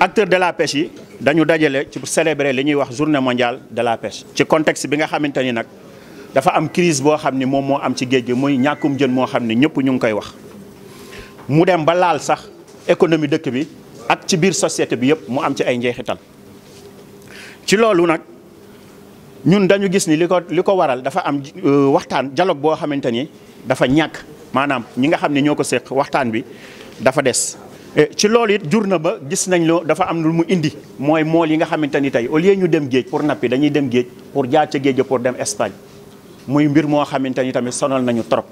acteur de la pêche yi dañu dajale ci célébrer li ñuy wax journée mondiale de la pêche ci contexte bi nga xamante ni nag dafa am crise boo xam ni moom moo am ci géej gi muy ñàkkum jën moo xam ni ñëpp ñu ngi koy wax mu dem ba laal sax économie dëkk bi ak ci biir société bi yëpp mu am ci ay njeexital ci loolu nag ñun dañu gis ni li ko li ko waral dafa am euh, waxtaan dialogue boo xamante ni dafa ñàkk maanaam ñi nga xam ne ñoo ko séq waxtaan bi dafa des Eh, ci loolu it jur na ba gis nañ loo dafa am lu mu indi mooy mool yi nga xamante ni tey au lieu ñu dem géej pour nappi dañuy dem géej pour jaar ca géej pour dem Espagne muy mbir moo xamante ni tamit sonal nañu trop.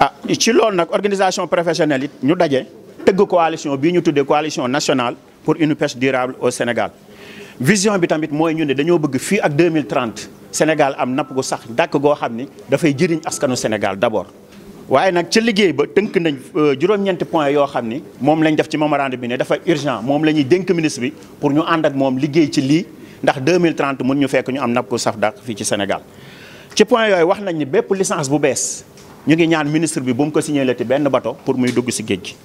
ah ci loolu nag organisation professionnelle it ñu daje tëgg coalition bii ñu tuddee coalition nationale pour une pêche durable au Sénégal vision bi tamit mooy ñu ne dañoo bëgg fii ak 2030 Sénégal am napp gu sax dàkk goo xam ni dafay jëriñ askanu Sénégal d'abord. waaye nag ca liggéey ba tënk nañ euh, juróom-ñeenti point yoo xam ni moom lañ def ci mémorandum bi ne dafa urgent moom la ñuy dénk ministre bi pour ñu ànd ak moom liggéey ci lii ndax 2030 mun ñu fekk ñu am napp ko saf dàq fii ci Sénégal ci point yooyu wax nañ ni bépp licence bu bees ñu ngi ñaan ministre bi bu mu ko signalati benn bato pour muy dugg si géej gi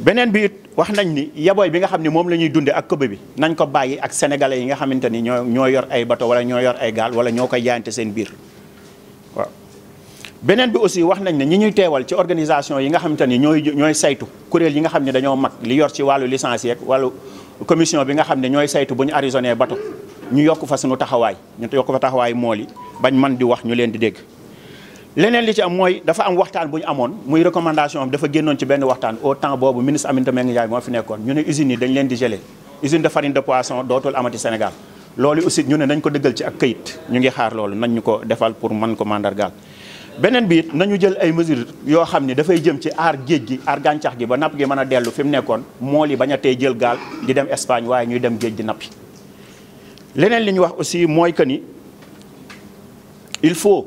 beneen bi it wax nañ ni yabooy bi nga xam ne moom la ñuy dunde ak këba bi nañ ko bàyyi ak sénégalais yi nga xamante ni ñoo ñoo yor bato wala ñoo yor ay gaal wala ñoo koy jaayante seen biir beneen bi aussi wax nañ ne ñu ñuy teewal ci organisation yi nga xamante ni ñooy ñooy saytu kuréel yi nga xam ne dañoo mag li yor ci wàllu lissance yeeg wàllu commission bi nga xam ne ñooy saytu bu ñu arraisonné bato ñu yokk fa suñu taxawaay ñu yokk fa taxawaay mool yi bañ man di wax ñu leen di dégg leneen li ci am mooy dafa am waxtaan bu ñu amoon muy recommandation dafa génnoon ci benn waxtaan au temps boobu ministre Aminata Mbengue moo fi nekkoon ñu ne usines yi dañ leen di gelé usine de farine de poisson amati Sénégal loolu aussi ñu ne nañ ko dëggal ci ak këyit ñu ngi xaar loolu nañ ñu ko defal pour man ko mandargaal beneen bi it nañu jël ay mesures yoo xam ni dafay jëm ci aar géej gi aar gàncax gi ba napp gi mën a dellu fi mu nekkoon mool yi bañ a tey jël gaal di dem Espagne waaye ñuy dem géej di nappi leneen li ñu wax aussi mooy que ni il faut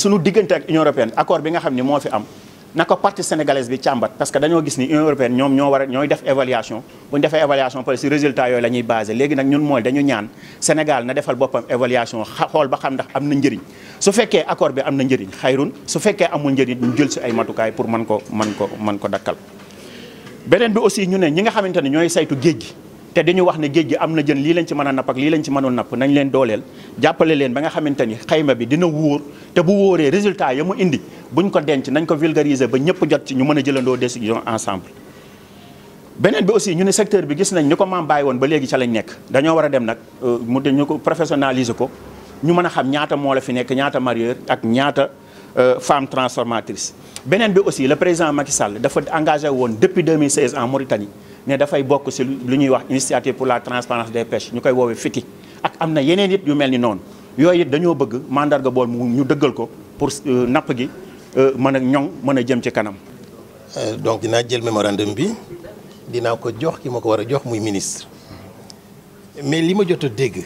sunu diggante ak Union européenne accord bi nga xam ni moo fi am na ko partie sénégalaise bi càmbat parce que dañoo gis ni union européenne ñoom ñoo war a ñooy def évaluation bu ñu defee évaluation pare si résultat yooyu la ñuy basé léegi nag ñun mooy dañu ñaan Sénégal na defal boppam évaluation xool ba xam ndax am na njariñ su fekkee accord bi am na njariñ xayrun su fekkee amul njariñ ñu jël si ay matukaay pour man ko man ko mën ko dakkal beneen bi aussi ñu ne ñi nga xamante ne ñooy saytu géej gi te dañu wax ne géej gi am na jën lii lañ ci mën a napp ak lii lañ ci mënul napp nañ leen dooleel jàppale leen ba nga xamante ni xayma bi dina wóor te bu wóoree résultat ya mu indi buñ ko denc nañ ko vulgariser ba ñëpp jot ci ñu mën a jëlandoo décision ensemble beneen bi aussi ñu ne secteur bi gis nañ ni ko maam bàyyi woon ba léegi ca lañ nekk dañoo war a dem nag euh, mu dañu ko professionnaliser ko ñu mën a xam ñaata moo la fi nekk ñaata marieur ak ñaata euh, femme transformatrice beneen bi aussi le président Macky Sall dafa engagé woon depuis 2016 en Mauritanie ne dafay bokk si lu ñuy wax initiative pour la transparence des pêches ñu koy woowee fiti ak am na yeneen it yu mel ni noonu yooy it dañoo bëgg mandarga bool mu ñu dëggal ko pour euh, napp gi euh, mën a ñoŋ mën a jëm ci kanam. Euh, donc dinaa jël mémorandum bi dinaa ko jox ki ma ko war a jox muy ministre mais li ma jot a dégg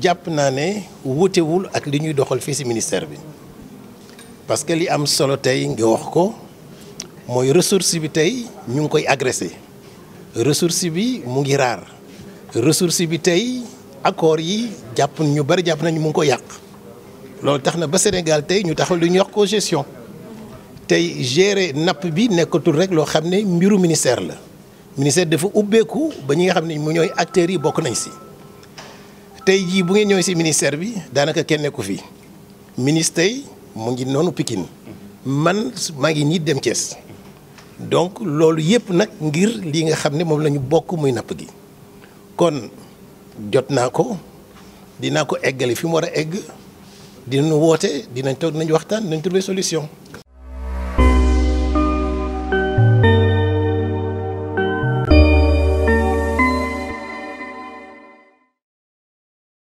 jàpp naa ne wutewul ak li ñuy doxal fii si ministère bi parce que li am solo tey nga wax ko. mooy ressource bi tey ñu ngi koy agressé ressource bi mu ngi raar ressource bi tey accords yi jàpp ñu bari jàpp nañu mu ngi ko yàq loolu tax na ba Sénégal tey ñu taxaw lu ñuy wax cogestion tey gérer napp bi nekkatul rek loo xam ne mbiru ministère la ministère dafa ubbeeku ba ñu nga xam ne mu ñooy acteurs yi bokk nañ si tey jii bu ngeen ñëwee si ministère bi daanaka kenn nekku fi ministre yi mu ngi noonu Pikine man maa ngi ñi dem Thiès. donc loolu yëpp nag ngir li nga xam ne moom la ñu bokk muy napp gi kon jot naa ko dinaa ko eggale fi mu war a egg dinañu woote dinañ toog nañu waxtaan nañ trouver solution